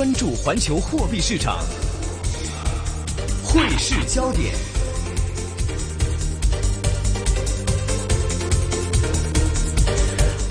關注環球貨幣市場，匯市焦點。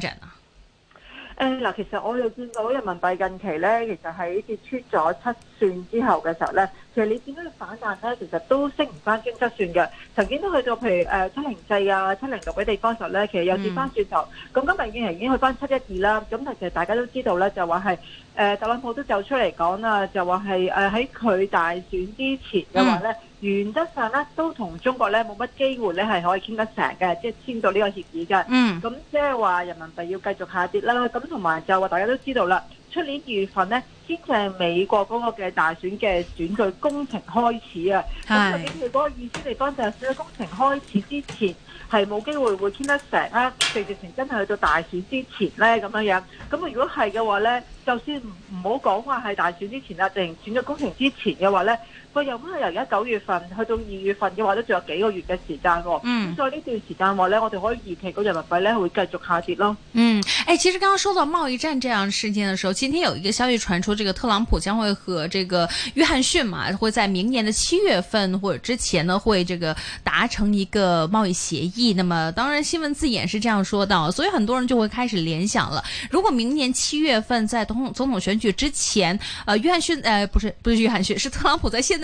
誒嗱、嗯，其實我又見到人民幣近期咧，其實喺跌出咗七算之後嘅時候咧。其實你點樣反彈咧，其實都升唔翻均值線嘅。曾經都去到譬如誒七零四啊、七零六嘅地方時候咧，其實有跌翻轉頭。咁、嗯、今日已經已經去翻七一二啦。咁但其實大家都知道咧，就話係誒特朗普都走出嚟講啦，就話係誒喺佢大選之前嘅話咧，嗯、原則上咧都同中國咧冇乜機會咧係可以傾得成嘅，即係簽到呢個協議嘅。嗯。咁即係話人民幣要繼續下跌啦。咁同埋就話大家都知道啦。出年二月份呢，先至係美國嗰個嘅大選嘅選舉工程開始啊。咁佢嗰個意思嚟講就係選舉工程開始之前，係冇機會會傾得成啊？定直情真係去到大選之前呢？咁樣樣？咁啊，如果係嘅話呢，就算唔好講話係大選之前啦，定選舉工程之前嘅話呢。佢又咁係由而家九月份去到二月份嘅話，都仲有幾個月嘅時間喎、哦。咁所以呢段時間話呢，我哋可以預期個人民幣呢會繼續下跌咯。嗯，誒、欸，其實剛剛說到貿易戰這樣事件嘅時候，今天有一個消息傳出，這個特朗普將會和這個約翰遜嘛，會在明年的七月份或者之前呢，會這個達成一個貿易協議。那麼當然新聞字眼是這樣說到，所以很多人就會開始聯想了。如果明年七月份在總統總統選舉之前，呃約翰遜，呃不是不是約翰遜，是特朗普在現在。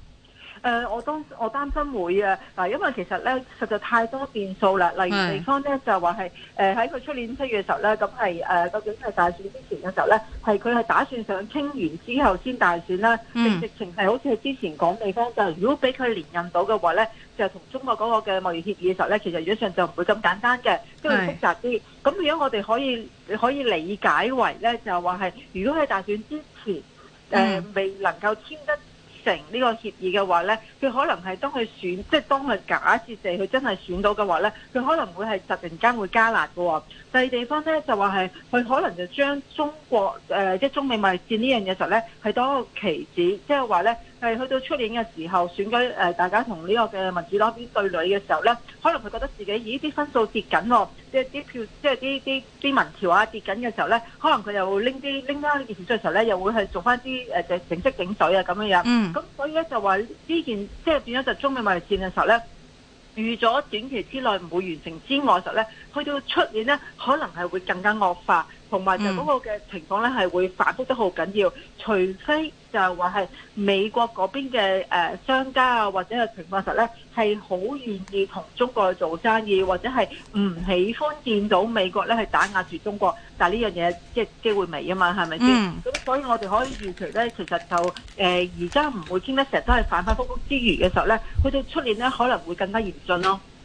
誒、呃，我當我擔心會啊！嗱，因為其實咧，實在太多變數啦。是例如美方咧，就話係誒喺佢出年七月嘅時候咧，咁係、呃、究竟係大選之前嘅時候咧，係佢係打算想傾完之後先大選啦。直情係好似之前講美方就，如果俾佢連任到嘅話咧，就同中國嗰個嘅貿易協議嘅時候咧，其實果上就唔會咁簡單嘅，即會複雜啲。咁是如果我哋可以可以理解為咧，就話係如果喺大選之前誒、呃嗯、未能夠簽得。成呢個協議嘅話咧，佢可能係當佢選，即係當佢假設地，佢真係選到嘅話咧，佢可能會係突然間會加辣嘅喎。第二地方咧就話係，佢可能就將中國誒即係中美貿易戰這是多就是呢樣嘢實咧，係當個棋子，即係話咧。係去到出年嘅時候選舉，誒、呃、大家同呢個嘅民主黨對壘嘅時候咧，可能佢覺得自己咦啲分數跌緊喎，即係啲票，即係啲啲啲民調啊跌緊嘅時候咧，可能佢又會拎啲拎翻件事出嚟嘅時候咧，又會去做翻啲誒嘅整色整水啊咁樣樣。咁、mm. 所以咧就話呢件即係變咗就中美貿易戰嘅時候咧，預咗短期之內唔會完成之外的時候呢，嘅候咧去到出年咧可能係會更加惡化，同埋就嗰個嘅情況咧係、mm. 會反覆得好緊要，除非。就係話係美國嗰邊嘅誒商家啊，或者係情況實咧，係好願意同中國去做生意，或者係唔喜歡見到美國咧係打壓住中國。但係呢樣嘢即係機會未啊嘛是不是，係咪先？咁所以我哋可以預期咧，其實就誒而家唔會傾得成，成日都係反反覆覆之餘嘅時候咧，去到出年咧可能會更加嚴峻咯。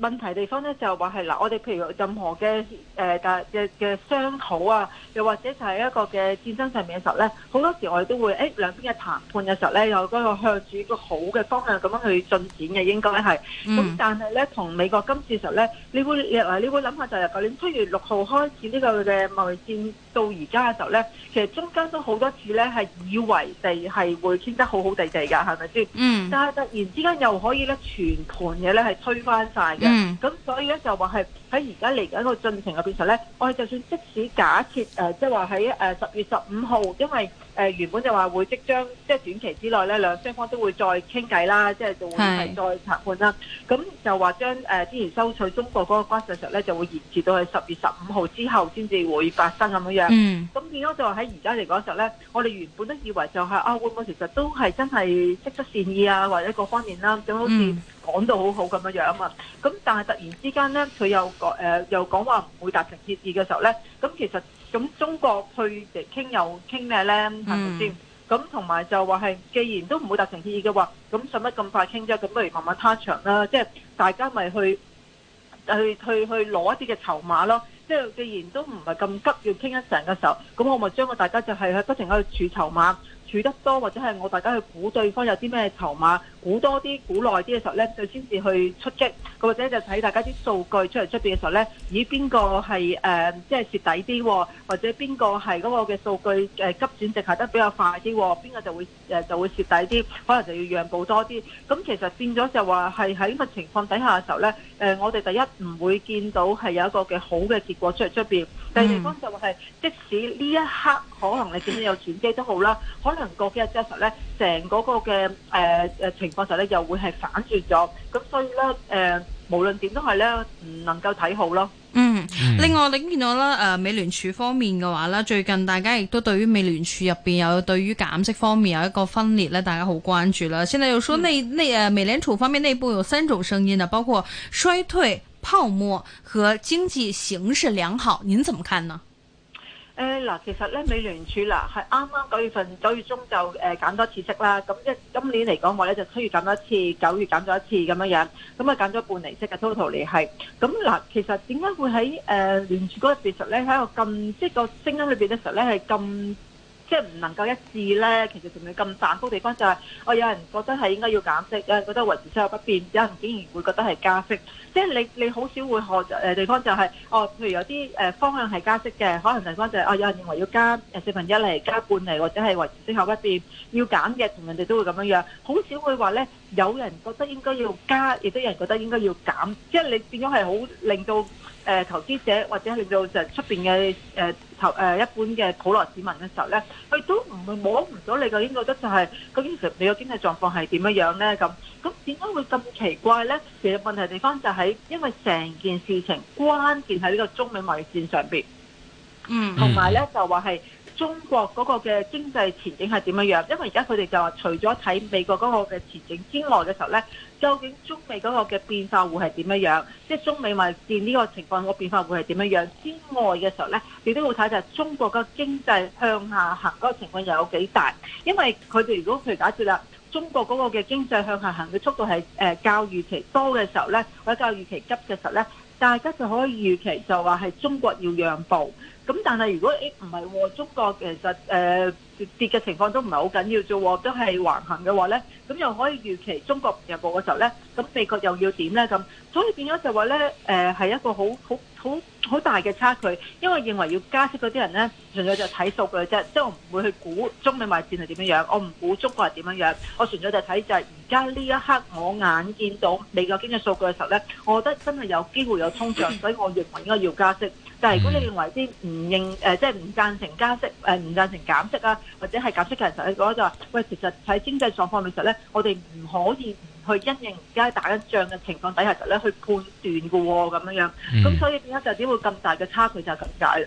問題地方咧就係話係嗱，我哋譬如任何嘅誒大嘅嘅商討啊，又或者就係一個嘅戰爭上面嘅時候咧，好多時我哋都會誒、欸、兩邊嘅談判嘅時候咧，有嗰個向住一個好嘅方向咁樣去進展嘅應該係。咁、嗯、但係咧同美國今次嘅時候咧，你會你會諗下就係舊年七月六號開始呢個嘅貿易戰到而家嘅時候咧，其實中間都好多次咧係以為地係會傾得好好地地㗎，係咪先？嗯。但係突然之間又可以咧全盤嘢咧係推翻晒嘅。嗯，咁所以咧就話係。喺而家嚟緊個進程入邊時候咧，我哋就算即使假設、呃、即係話喺誒十月十五號，因為誒、呃、原本就話會即將即係短期之內咧，兩雙方都會再傾偈啦，即係就會係再談判啦。咁是就話將誒之前收取中國嗰個關稅時候咧，就會延遲到去十月十五號之後先至會發生咁樣樣。咁變咗就話喺而家嚟講時候咧，我哋原本都以為就係、是、啊會唔會其實都係真係釋出善意啊，或者各方面啦、啊，咁好似講到好好咁樣樣啊。咁、嗯、但係突然之間咧，佢又個又講話唔會達成協議嘅時候呢，咁其實咁中國去嚟傾又傾咩呢？係咪先？咁同埋就話係，既然都唔會達成協議嘅話，咁使乜咁快傾啫？咁不如慢慢攤長啦，即係大家咪去去去去攞一啲嘅籌碼咯。即係既然都唔係咁急要傾一成嘅時候，咁我咪將個大家就係喺不停喺度儲籌碼，儲得多或者係我大家去估對方有啲咩籌碼。估多啲、估耐啲嘅時候咧，就先至去出擊，咁或者就睇大家啲數據出嚟出邊嘅時候咧，咦邊個係誒即係蝕底啲，或者邊個係嗰個嘅數據、呃、急轉直下得比較快啲、哦，邊個就會、呃、就會蝕底啲，可能就要讓步多啲。咁其實變咗就話係喺個情況底下嘅時候咧、呃，我哋第一唔會見到係有一個嘅好嘅結果出嚟出邊，嗯、第二方就話係即使呢一刻可能你見到有轉機都好啦，可能過幾日之後咧，成嗰個嘅誒、呃、情。情況就咧又會係反轉咗，咁所以咧，誒、呃，無論點都係咧，唔能夠睇好咯。嗯，另外我哋見到咧，誒、呃，美聯儲方面嘅話咧，最近大家亦都對於美聯儲入邊有對於減息方面有一個分裂咧，大家好關注啦。現在又說你誒，嗯，美聯儲方面內部有三種聲音嘅，包括衰退、泡沫和經濟形勢良好，您怎麼看呢？誒嗱、呃，其實咧，美聯儲嗱係啱啱九月份九月中就誒、呃、減多次息啦。咁即係今年嚟講話呢，我咧就七月減咗一次，九月減咗一次咁樣樣，咁啊減咗半釐息嘅 total 嚟係。咁嗱，其實點解會喺誒、呃、聯儲嗰日變實咧喺一個咁即係個聲音裏邊嘅時候咧係咁？是即係唔能夠一致呢，其實仲係咁反覆地方就係、是，我、哦、有人覺得係應該要減息咧，覺得維持息口不變，有人竟然會覺得係加息，即係你你好少會學誒地方就係、是，哦，譬如有啲方向係加息嘅，可能地方就係、是，哦，有人認為要加四分一嚟，加半嚟，或者係維持息口不變，要減嘅，同人哋都會咁樣樣，好少會話呢，有人覺得應該要加，亦都有人覺得應該要減，即係你變咗係好令到。誒、呃、投資者或者去到就出邊嘅誒投誒一般嘅普羅市民嘅時候咧，佢都唔會摸唔到你的應該、就係、究竟覺得就係究竟其實你個經濟狀況係點樣樣咧咁，咁點解會咁奇怪咧？其實問題的地方就喺因為成件事情關鍵喺呢個中美貿易戰上邊，嗯，同埋咧就話係。中國嗰個嘅經濟前景係點樣樣？因為而家佢哋就話除咗睇美國嗰個嘅前景之外嘅時候呢，究竟中美嗰個嘅變化會係點樣樣？即係中美貿戰呢個情況個變化會係點樣樣之外嘅時候呢，你都會睇就係中國個經濟向下行個情況又有幾大？因為佢哋如果譬如假設啦，中國嗰個嘅經濟向下行嘅速度係誒較預期多嘅時候呢，或者較預期急嘅時候呢，大家就可以預期就話係中國要讓步。咁但係如果誒唔係中國其實誒、呃、跌嘅情況都唔係好緊要啫，都係橫行嘅話咧，咁又可以預期中國入貨嘅時候咧，咁美國又要點咧咁？所以變咗就話咧，係、呃、一個好好好好大嘅差距，因為認為要加息嗰啲人咧，純粹就睇數據啫，即、就、係、是、我唔會去估中美貿戰係點樣樣，我唔估中國係點樣樣，我純粹就睇就係而家呢一刻我眼見到美國經濟數據嘅時候咧，我覺得真係有機會有通脹，所以我認為應該要加息。嗯就係如果你認為啲唔認即係唔贊成加息唔、呃、贊成減息啊，或者係減息嘅人的，其實你覺得就話，喂，其實喺經濟狀況裏頭咧，我哋唔可以去因應而家打緊仗嘅情況底下，實、就、咧、是、去判斷㗎喎、哦，咁樣樣，咁、嗯、所以點解就點會咁大嘅差距就係咁解。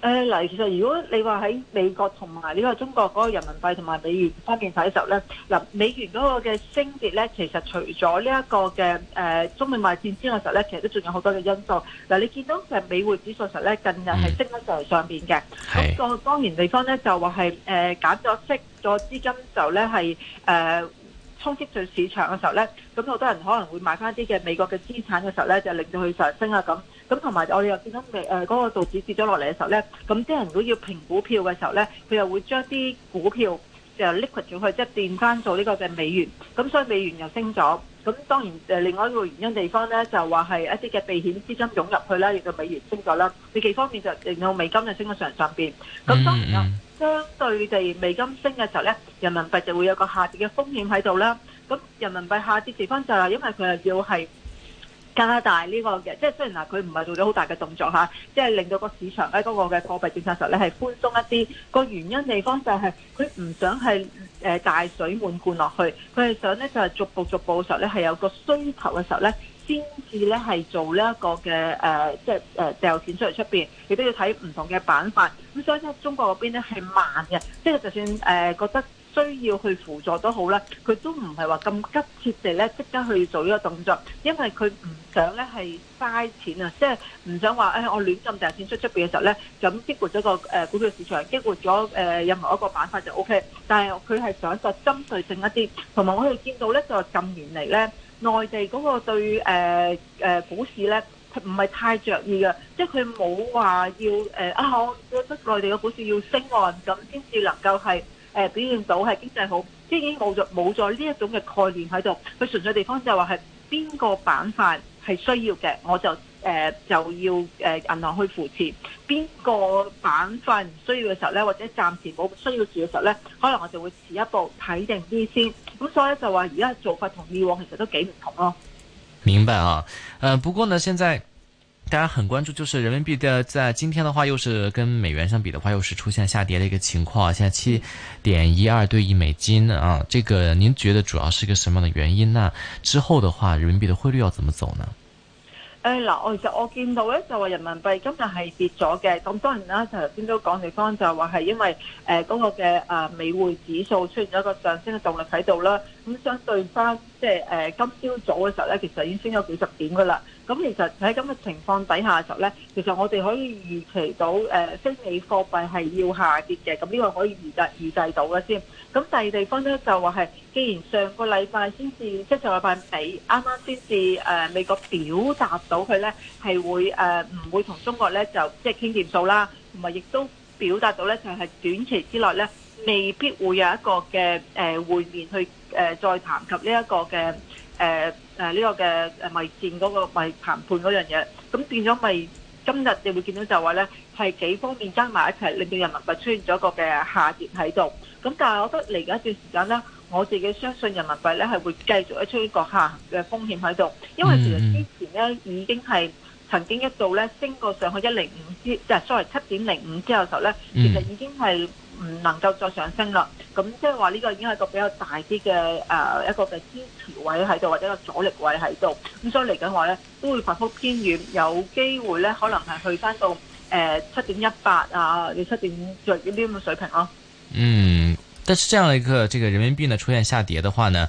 誒嗱、呃，其實如果你話喺美國同埋你話中國嗰個人民幣同埋美元方面睇嘅時候咧，嗱、呃、美元嗰個嘅升跌咧，其實除咗呢一個嘅誒、呃、中美貿戰之外嘅時候咧，其實都仲有好多嘅因素。嗱、呃，你見到嘅美匯指數實咧近日係升得上嚟上面嘅，咁是個當然地方咧就話係誒減咗息咗資金就咧係誒衝擊咗市場嘅時候咧，咁好多人可能會買翻啲嘅美國嘅資產嘅時候咧，就令到佢上升啊咁。咁同埋我哋又見到美誒嗰個道指跌咗落嚟嘅時候咧，咁啲人如果要評股票嘅時候咧，佢又會將啲股票嘅 liquid 咗去即係變翻做呢個嘅美元，咁所以美元又升咗。咁當然誒另外一個原因地方咧，就話係一啲嘅避險資金湧入去啦，令到美元升咗啦。你幾方面就令到美金就升咗上上面。咁當然啦，相對地美金升嘅時候咧，人民幣就會有個下跌嘅風險喺度啦。咁人民幣下跌地方就係因為佢又要係。加大呢、這個嘅，即係雖然嗱，佢唔係做咗好大嘅動作、啊、即係令到個市場喺嗰個嘅貨幣政策時候咧係寬鬆一啲，個原因地方就係佢唔想係誒大水漫灌落去，佢係想咧就係逐步逐步嘅時候咧係有個需求嘅時候咧先至咧係做呢一個嘅誒，即係誒掉錢出嚟出面，亦都要睇唔同嘅板塊。咁所以咧，中國嗰邊咧係慢嘅，即係就算誒覺得。需要去輔助都好啦，佢都唔係話咁急切地咧即刻去做呢個動作，因為佢唔想咧係嘥錢啊，即係唔想話誒我亂咁掟錢出出邊嘅時候咧，咁激活咗個誒股票市場，激活咗誒任何一個板塊就 OK。但係佢係想再針對性一啲，同埋我哋見到咧就近年嚟咧，內地嗰個對誒誒股市咧佢唔係太著意嘅，即係佢冇話要誒啊我覺得內地嘅股市要升岸咁先至能夠係。誒、呃、表現到係經濟好，即已經冇咗冇咗呢一種嘅概念喺度。佢純粹地方就係話係邊個板塊係需要嘅，我就誒、呃、就要誒銀、呃、行去扶持。邊個板塊唔需要嘅時候咧，或者暫時冇需要住嘅時候咧，可能我就會遲一步睇定啲先。咁所以就話而家做法同以往其實都幾唔同咯、哦。明白啊。誒、呃、不過呢，現在。大家很關注，就是人民幣的在今天的話，又是跟美元相比的話，又是出現下跌的一個情況。現在七點一二對一美金啊，這個您覺得主要是一個什麼樣的原因呢？之後的話，人民幣的匯率要怎麼走呢？誒嗱、呃，我其實我見到咧就話人民幣今日係跌咗嘅，咁當然啦，就頭先都講的地方就係話係因為誒嗰、呃那個嘅啊、呃、美匯指數出現咗一個上升嘅動力喺度啦。咁相對翻，即係誒今朝早嘅時候咧，其實已經升咗幾十點㗎啦。咁其實喺咁嘅情況底下嘅時候咧，其實我哋可以預期到誒非美貨幣係要下跌嘅。咁呢個可以預計預計到嘅先。咁第二地方咧就話係，既然上個禮拜先至，即係上個禮拜尾啱啱先至誒美國表達到佢咧係會誒唔會同中國咧就即係傾掂數啦，同埋亦都表達到咧就係短期之內咧。未必會有一個嘅誒會面去誒再談及呢一個嘅誒誒呢個嘅誒貿戰嗰個貿談判嗰樣嘢，咁變咗咪今日你會見到就話咧係幾方面加埋一齊令到人民幣出現咗一個嘅下跌喺度。咁但係我覺得嚟緊一段時間咧，我自己相信人民幣咧係會繼續出現一個下行嘅風險喺度，因為其實之前咧已經係曾經一度咧升過上去一零五之，即係 sorry 七點零五之後嘅時候咧，其實已經係。唔能夠再上升啦，咁即係話呢個已經係個比較大啲嘅誒一個嘅支持位喺度，或者個阻力位喺度，咁所以嚟緊話呢，都會反覆偏軟，有機會呢可能係去返到誒七點一八啊，要七點五著呢啲咁嘅水平咯。嗯，但是這樣一個這個人民幣呢出現下跌嘅話呢？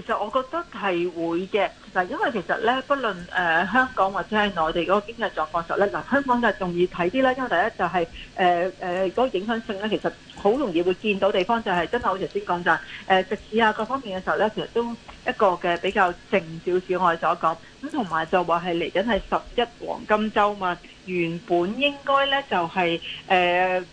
其實我覺得係會嘅嗱，因為其實咧，不論誒香港或者係內地嗰個經濟狀況時候咧，嗱香港就係仲易睇啲啦。因為第一就係誒誒嗰個影響性咧，其實好容易會見到地方就係、是、真係好似頭先講咋誒，食肆啊各方面嘅時候咧，其實都一個嘅比較靜少少，我哋所講咁同埋就話係嚟緊係十一黃金週嘛，原本應該咧就係誒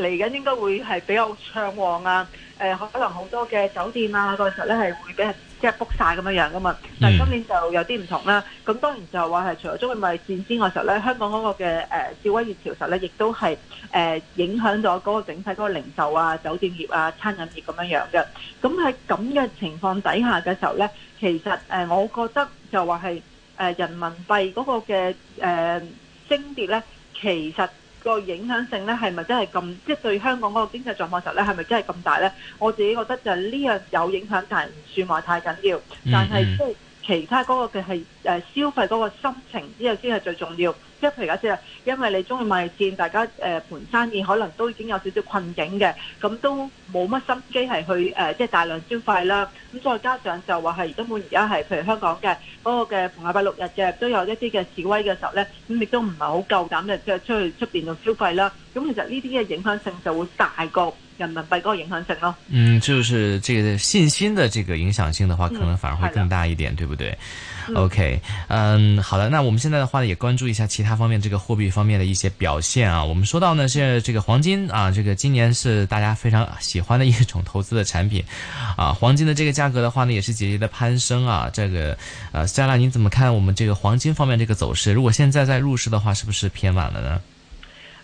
嚟緊應該會係比較暢旺啊，誒、呃、可能好多嘅酒店啊嗰陣時咧係會俾人。即係 book 晒咁樣樣噶嘛，但今年就有啲唔同啦。咁當然就話係除咗中美貿易戰之外，時候咧，香港嗰個嘅誒示威熱潮實咧，亦都係誒、呃、影響咗嗰個整體嗰個零售啊、酒店業啊、餐飲業咁樣樣嘅。咁喺咁嘅情況底下嘅時候咧，其實誒、呃、我覺得就話係誒人民幣嗰個嘅誒、呃、升跌咧，其實。個影響性咧，係咪真係咁？即係對香港嗰個經濟狀況嚟講咧，係咪真係咁大咧？我自己覺得就係呢樣有影響，但係唔算話太緊要。但係即係其他嗰個嘅係誒消費嗰個心情呢個先係最重要。即係譬如假先因為你中意買線，大家誒盤生意可能都已經有少少困境嘅，咁都冇乜心機係去誒，即係大量消費啦。咁再加上就話係根本而家係，譬如香港嘅嗰個嘅逢禮拜六日嘅都有一啲嘅示威嘅時候咧，咁亦都唔係好夠膽嘅，即係出去出邊度消費啦。咁其實呢啲嘅影響性就會大過人民幣嗰個影響性咯。嗯，就是這個信心的這個影響性的話，可能反而會更大一點，嗯、對不對嗯？OK，嗯，好的。那我們現在的話，也關注一下其他方面，這個貨幣方面的一些表現啊。我們說到呢，現在這個黃金啊，這個今年是大家非常喜歡的一種投資的產品啊。黃金的這個價格的話呢，也是節節的攀升啊。這個，呃、啊，Sarah，您怎麼看我們這個黃金方面這個走勢？如果現在在入市的話，是不是偏晚了呢？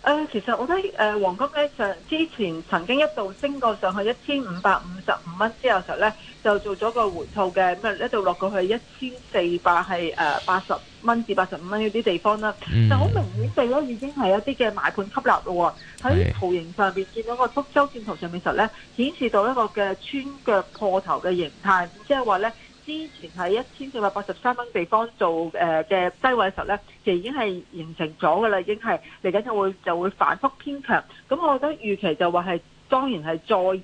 誒、呃，其實我睇誒黃金咧，上之前曾經一度升過上去一千五百五十五蚊之後實咧，就做咗個回吐嘅，咁啊一度落過去，去 1, 400、呃、一千四百係誒八十蚊至八十五蚊嗰啲地方啦。嗯、就好明顯地咧，已經係一啲嘅買盤吸納咯喎。喺圖形上面見到個周線圖上面實咧，顯示到一個嘅穿腳破頭嘅形態，即係話咧。之前喺一千四百八十三蚊地方做誒嘅低位嘅時候咧，其實已經係形成咗㗎喇，已經係嚟緊就會就會反覆偏強。咁我覺得預期就話係當然係再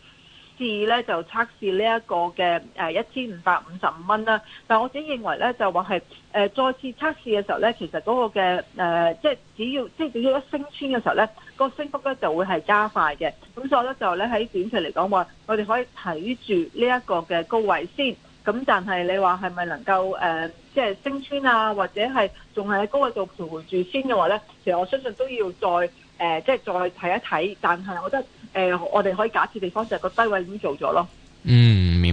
試咧，就測試呢一個嘅誒一千五百五十五蚊啦。但係我自己認為咧，就話係誒再次測試嘅時候咧，其實嗰個嘅誒即係只要即係只要一升穿嘅時候咧，個升幅咧就會係加快嘅。咁所以咧就咧喺短期嚟講，我我哋可以睇住呢一個嘅高位先。咁但係你話係咪能夠誒即係升穿啊，或者係仲係喺高位度徘徊住先嘅話咧，其實我相信都要再誒即係再睇一睇。但係我覺得誒、呃，我哋可以假設地方就係個低位已經做咗咯。嗯。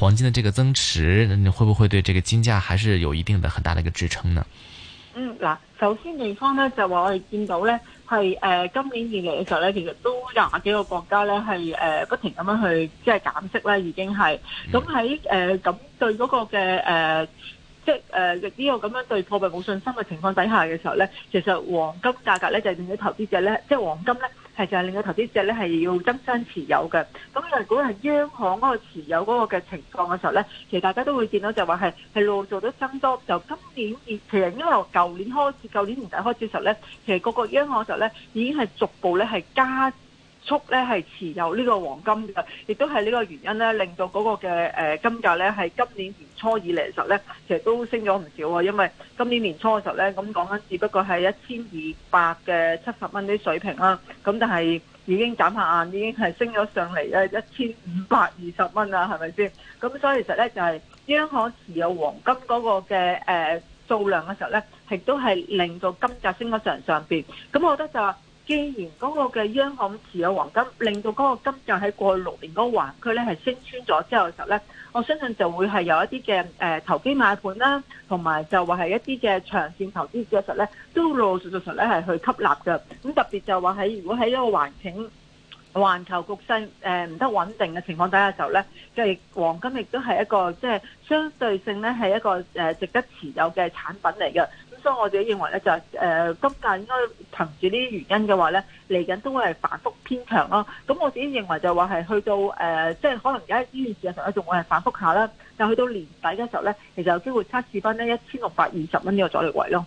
黃金嘅這個增持，你會不會對這個金價還是有一定的很大的一個支撐呢？嗯，嗱，首先地方咧就話我哋見到呢係誒、呃、今年二月嘅時候呢其實都廿幾個國家呢係誒、呃、不停咁樣去即係減息咧，已經係咁喺誒咁對嗰個嘅誒、呃、即係誒呢個咁樣對貨幣冇信心嘅情況底下嘅時候呢其實黃金價格呢就係變咗投資者呢即係黃金呢係就係令到投資者咧係要增新持有嘅，咁如果係央行嗰個持有嗰個嘅情況嘅時候咧，其實大家都會見到就話係係陸續都增多。就今年，其實因為由舊年開始，舊年年底開始嘅時候咧，其實嗰個央行嘅時候咧已經係逐步咧係加。咧係持有呢個黃金嘅，亦都係呢個原因咧，令到嗰個嘅誒金價咧係今年年初以嚟嘅時候咧，其實都升咗唔少喎。因為今年年初嘅時候咧，咁講緊只不過係一千二百嘅七十蚊啲水平啦。咁但係已經眨下眼，已經係升咗上嚟咧一千五百二十蚊啦，係咪先？咁所以其實咧就係、是、央行持有黃金嗰個嘅誒、呃、數量嘅時候咧，亦都係令到金價升咗上上邊。咁我覺得就是。既然嗰個嘅央行持有黃金，令到嗰個金價喺過去六年嗰個環區咧係升穿咗之後嘅時候咧，我相信就會係有一啲嘅誒投機買盤啦，同埋就話係一啲嘅長線投資者實咧都老老實實咧係去吸納嘅。咁特別就話喺如果喺一個環境、環球局勢誒唔得穩定嘅情況底下嘅時候咧，即係黃金亦都係一個即係、就是、相對性咧係一個誒值得持有嘅產品嚟嘅。所以我自己認為咧，就係誒金價應該憑住呢啲原因嘅話咧，嚟緊都會係反覆偏強咯。咁我自己認為就話係去到誒，即、呃、係、就是、可能而家呢件事嘅時候咧，仲會係反覆下啦。但去到年底嘅時候咧，其實有機會測試翻呢一千六百二十蚊呢個阻力位咯。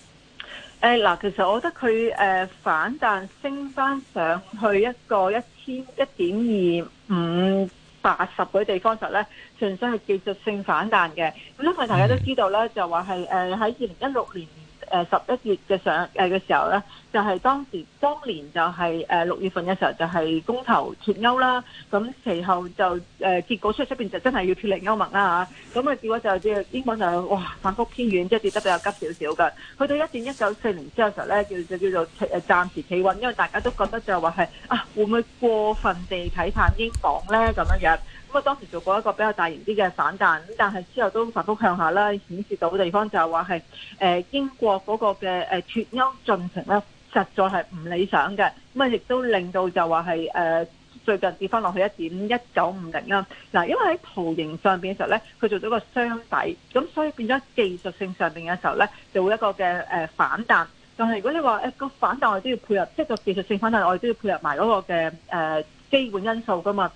誒嗱，其實我覺得佢誒反彈升翻上去一個一千一點二五八十嗰地方時候咧，純粹係技術性反彈嘅。咁因為大家都知道咧，就話係誒喺二零一六年。誒十一月嘅上誒嘅、呃、時候咧，就係、是、當時當年就係誒六月份嘅時候，就係公投脱歐啦。咁其後就誒、呃、結果出出邊就真係要脱離歐盟啦嚇。咁啊結果就即英鎊就哇反覆偏遠，即係跌得比較急少少㗎。去到一點一九四年之後嘅時候咧，就叫，就叫做叫做企誒暫時企穩，因為大家都覺得就話係啊會唔會過分地睇淡英鎊咧咁樣樣。咁啊、嗯，當時做過一個比較大型啲嘅反彈，咁但係之後都反覆向下啦，顯示到嘅地方就係話係誒英國嗰個嘅誒脱歐進程咧，實在係唔理想嘅。咁、嗯、啊，亦都令到就話係誒最近跌翻落去一點一九五零啦。嗱、嗯，因為喺圖形上面嘅時候咧，佢做咗個雙底，咁所以變咗技術性上面嘅時候咧，就會一個嘅、呃、反彈。但係如果你話誒個反彈，我都要配合，即、就、係、是、個技術性反彈，我哋都要配合埋嗰個嘅誒、呃、基本因素噶嘛。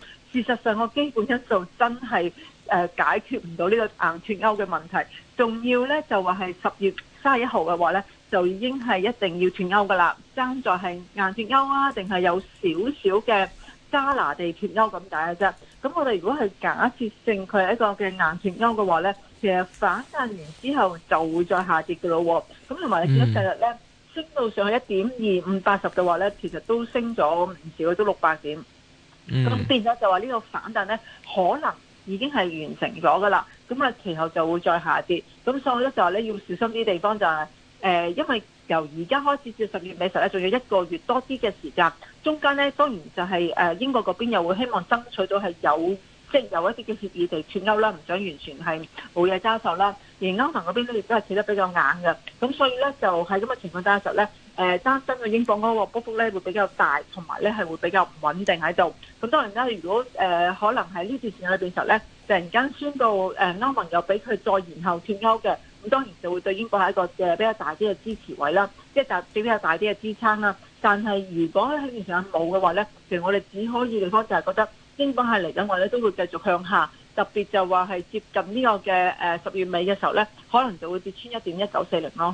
事實上，我基本一做真係誒解決唔到呢個硬脱歐嘅問題，仲要咧就話係十月三十一號嘅話咧，就已經係一定要脱歐噶啦，爭在係硬脱歐啊，定係有少少嘅加拿大脱歐咁解嘅啫。咁我哋如果係假設性佢係一個嘅硬脱歐嘅話咧，其實反彈完之後就會再下跌噶咯喎。咁同埋你見到今日咧升到上去一點二五八十嘅話咧，其實都升咗唔少，都六百點。咁、嗯、變咗就話呢個反彈咧，可能已經係完成咗噶啦，咁啊其後就會再下跌，咁所以咧就話咧要小心啲地方就係、是呃、因為由而家開始至十月尾實咧，仲有一個月多啲嘅時間，中間咧當然就係、是、誒、呃、英國嗰邊又會希望爭取到係有即係、就是、有一啲嘅協議地脱歐啦，唔想完全係冇嘢交手啦，而歐盟嗰邊咧亦都係企得比較硬嘅，咁所以咧就喺咁嘅情況底下就咧。誒，單身嘅英鎊嗰個波幅咧會比較大，同埋咧係會比較唔穩定喺度。咁當然啦，如果誒、呃、可能喺呢段時間裏邊嘅時候咧，突然間宣佈誒歐盟又俾佢再延後脱歐嘅，咁當然就會對英鎊係一個誒比較大啲嘅支持位啦，即係、就、比較大啲嘅支撐啦。但係如果喺呢段時間冇嘅話咧，其實我哋只可以嘅地方就係覺得英鎊係嚟緊話呢，都會繼續向下，特別就話係接近呢個嘅誒十月尾嘅時候咧，可能就會跌穿一點一九四零咯。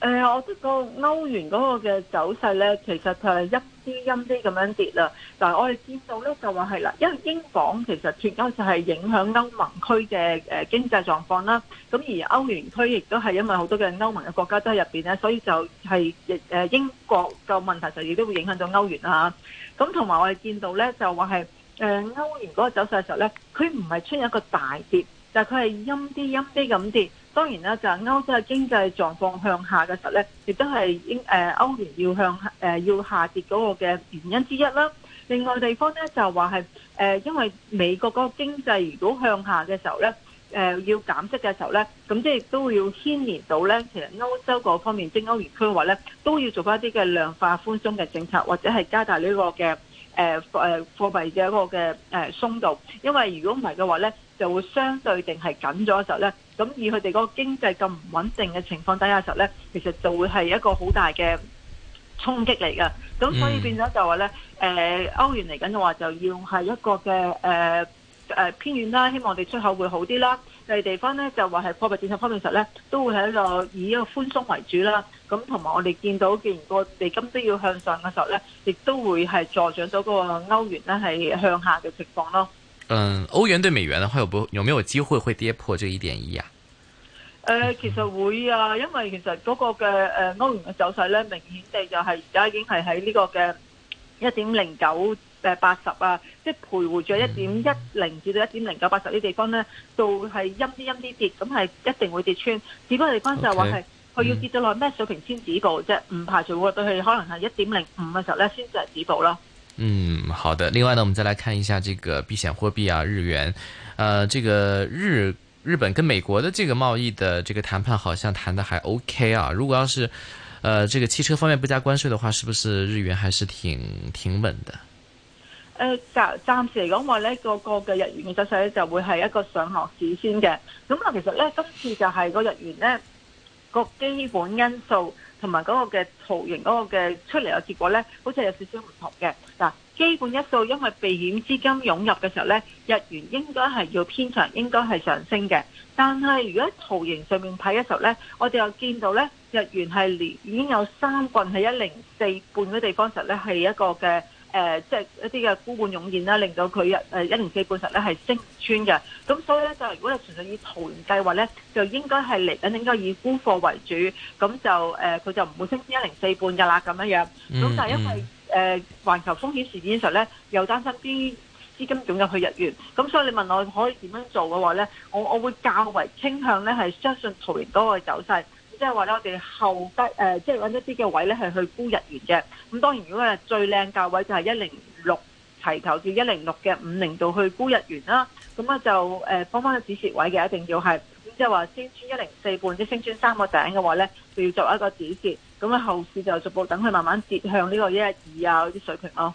誒、嗯，我覺得歐元嗰個嘅走勢咧，其實係陰啲陰啲咁樣跌啦。但係我哋見到咧，就話係啦，因為英鎊其實脫歐就係影響歐盟區嘅經濟狀況啦。咁而歐聯區亦都係因為好多嘅歐盟嘅國家都喺入邊咧，所以就係英國嘅問題就亦都會影響到歐元啦。咁同埋我哋見到咧，就話係誒歐元嗰個走勢嘅時候咧，佢唔係出現一個大跌，但係佢係陰啲陰啲咁跌。當然啦，就係、是、歐洲嘅經濟狀況向下嘅時候咧，亦都係英誒歐元要向誒要下跌嗰個嘅原因之一啦。另外的地方咧就話係誒，因為美國嗰個經濟如果向下嘅時候咧，誒要減息嘅時候咧，咁即係都要牽連到咧，其實歐洲嗰方面，即係歐元區嘅話咧，都要做翻一啲嘅量化寬鬆嘅政策，或者係加大呢個嘅。誒誒、呃、貨幣嘅一個嘅誒、呃、鬆動，因為如果唔係嘅話咧，就會相對定係緊咗嘅時候咧，咁以佢哋個經濟咁唔穩定嘅情況底下嘅時候咧，其實就會係一個好大嘅衝擊嚟㗎。咁所以變咗就話咧，誒、呃、歐元嚟緊嘅話就要係一個嘅誒誒偏遠啦，希望我哋出口會好啲啦。第地方咧就話係貨幣政策方面上咧，都會喺度以一個寬鬆為主啦。咁同埋我哋見到，既然個地金都要向上嘅時候咧，亦都會係助長咗嗰個歐元咧係向下嘅情況咯。嗯，歐元對美元嘅話有冇有沒有機會會跌破呢一點一啊？誒、呃，其實會啊，因為其實嗰個嘅誒歐元嘅走勢咧，明顯地就係而家已經係喺呢個嘅一點零九。八十啊，即係徘徊咗一點一零至到一點零九八十呢地方呢，就係陰啲陰啲跌，咁係一定會跌穿。只不過地方就係話係佢要跌到落咩水平先止步 okay、嗯、即啫，唔排除話對佢可能係一點零五嘅時候呢先至係止步咯。嗯，好的。另外呢，我們再來看一下這個避險貨幣啊，日元。誒、呃，這個日日本跟美國的這個貿易的這個談判，好像談得還 OK 啊。如果要是誒、呃、這個汽車方面不加關稅的話，是不是日元還是挺挺穩的？誒暫、呃、暫時嚟講話咧，個個嘅日元嘅走勢咧就會係一個上落市先嘅。咁啊，其實呢，今次就係個日元呢個基本因素同埋嗰個嘅圖形嗰個嘅出嚟嘅結果呢，好似有少少唔同嘅。嗱，基本因素因為避險資金湧入嘅時候呢，日元應該係要偏強，應該係上升嘅。但係如果圖形上面睇嘅時候呢，我哋又見到呢，日元係連已經有三棍係一零四半嘅地方時候呢，係一個嘅。誒，即係一啲嘅沽盤湧現啦，令到佢日一零四半實咧係升穿嘅。咁所以咧就，如果你純粹以圖形計劃咧，就應該係嚟緊應該以沽貨為主。咁就誒，佢就唔會升至一零四半噶啦，咁樣樣。咁但係因為誒環球風險事件上咧，又擔心啲資金湧入去日元。咁所以你問我可以點樣做嘅話咧，我我會較為傾向咧係相信圖形嗰個走勢。即係話咧，我哋後低誒，即係揾一啲嘅位咧，係去沽日元嘅。咁當然，如果咧最靚價位就係一零六齊頭至一零六嘅五零度去沽日元啦、啊。咁啊就誒幫翻個止蝕位嘅，一定要係即係話先穿一零四半，即係升穿三個頂嘅話咧，就要作一個止蝕。咁啊後市就逐步等佢慢慢跌向呢個一一二啊嗰啲水平咯、啊。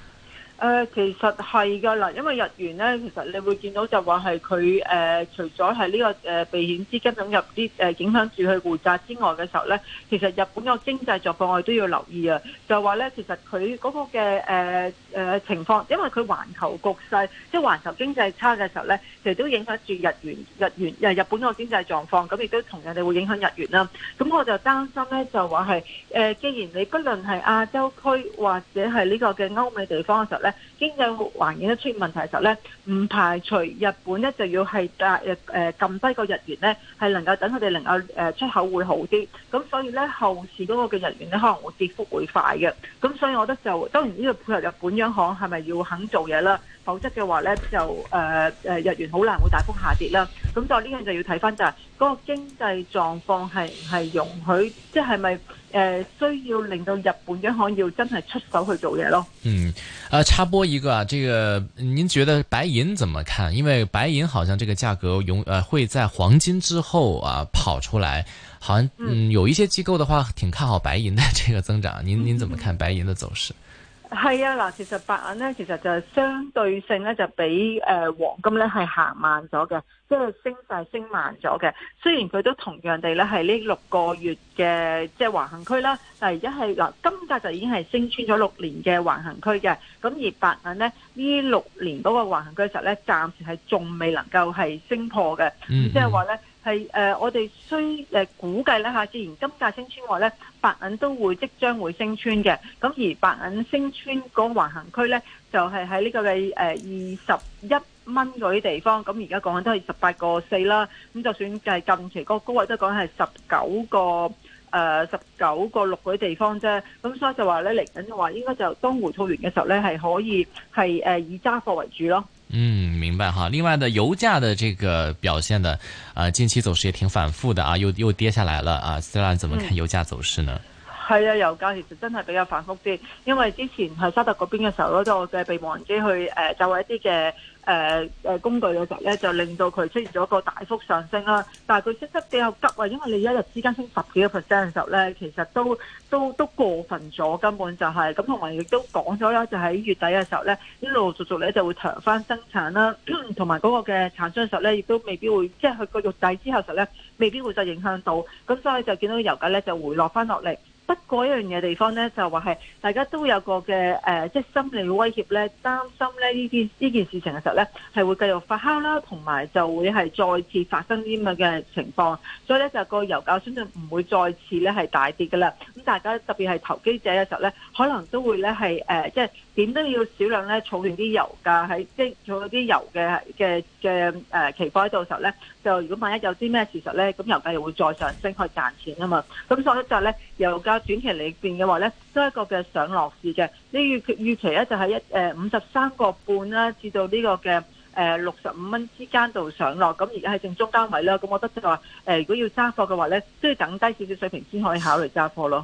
誒、呃、其實係㗎啦，因為日元咧，其實你會見到就話係佢誒，除咗係呢個誒避險資金湧入啲誒影響住佢匯價之外嘅時候咧，其實日本個經濟狀況我哋都要留意啊。就話咧，其實佢嗰個嘅誒、呃呃、情況，因為佢環球局勢，即、就、係、是、環球經濟差嘅時候咧，其實都影響住日元日元日本個經濟狀況，咁亦都同樣地會影響日元啦。咁我就擔心咧，就話係、呃、既然你不論係亞洲區或者係呢個嘅歐美地方嘅時候咧。經濟環境咧，出現問題嘅時候咧，唔排除日本咧就要係誒誒撳低個日元咧，係能夠等佢哋能夠誒出口會好啲，咁所以咧後市嗰個嘅日元咧可能會跌幅會快嘅，咁所以我覺得就當然呢個配合日本央行係咪要肯做嘢啦？否則嘅話呢就誒誒、呃呃、日元好難會大幅下跌啦。咁就呢樣就要睇返就係、是、嗰、那個經濟狀況係唔係容許，即係咪需要令到日本央行要真係出手去做嘢咯？嗯，啊、呃、插播一個啊，呢、這個您覺得白銀怎麼看？因為白銀好像這個價格永、呃、會在黃金之後啊跑出來，好像嗯，嗯有一些機構的話挺看好白銀的這個增長。您您怎麼看白銀的走勢？嗯係啊，嗱，其實白銀咧，其實就係相對性咧，就比誒、呃、黃金咧係行慢咗嘅，即係升勢升慢咗嘅。雖然佢都同樣地咧係呢六個月嘅即係橫行區啦，但係而家係嗱金價就已經係升穿咗六年嘅橫行區嘅，咁而白銀咧呢六年嗰個橫行區時候咧暫時係仲未能夠係升破嘅，嗯嗯即係話咧。係誒、呃，我哋需誒估計咧下自然金價升穿話咧，白銀都會即將會升穿嘅。咁而白銀升穿嗰橫行區咧，就係喺呢個嘅誒二十一蚊嗰啲地方。咁而家講緊都係十八個四啦。咁就算計近期嗰高位都講緊係十九個誒十九個六嗰啲地方啫。咁所以就話咧嚟緊嘅話，應該就當回套完嘅時候咧，係可以係以揸貨為主咯。嗯，明白哈。另外的油價的這個表現的，啊，近期走勢也挺反覆的啊，又又跌下來了啊。雖然，怎麼看油價走勢呢？係啊、嗯，油價其實真係比較反覆啲，因為之前喺沙特嗰邊嘅時候咯，我就被無人機去誒，就、呃、為一啲嘅。誒、呃呃、工具嘅時候咧，就令到佢出現咗一個大幅上升啦。但係佢升得比較急啊，因為你一日之間升十幾個 percent 嘅時候咧，其實都都都過分咗，根本就係、是、咁。同埋亦都講咗啦，就喺、是、月底嘅時候咧，陸陸續續咧就會長翻生產啦，同埋嗰個嘅產商嘅時候咧亦都未必會，即係佢個肉底之後時候咧未必會再影響到。咁所以就見到油價咧就回落翻落嚟。不過一樣嘅地方咧，就話係大家都有個嘅，誒，即係心理威脅咧，擔心咧呢件呢件事情嘅時候咧，係會繼續發酵啦，同埋就會係再次發生啲咁嘅情況，所以咧就個油價相信唔會再次咧係大跌噶啦，咁大家特別係投機者嘅時候咧，可能都會咧係，誒，即係。點都要少量咧，儲完啲油價喺即係儲啲油嘅嘅嘅誒期貨，到時候咧就如果萬一有啲咩事實咧，咁油價又會再上升去賺錢啊嘛。咁所以就咧油價短期裏面嘅話咧都係一個嘅上落市嘅。呢預預期咧就係一誒五十三個半啦，至到呢個嘅誒六十五蚊之間度上落。咁而家係正中間位啦。咁我覺得就話、誒、如果要揸貨嘅話咧，都要等低少少水平先可以考慮揸貨咯。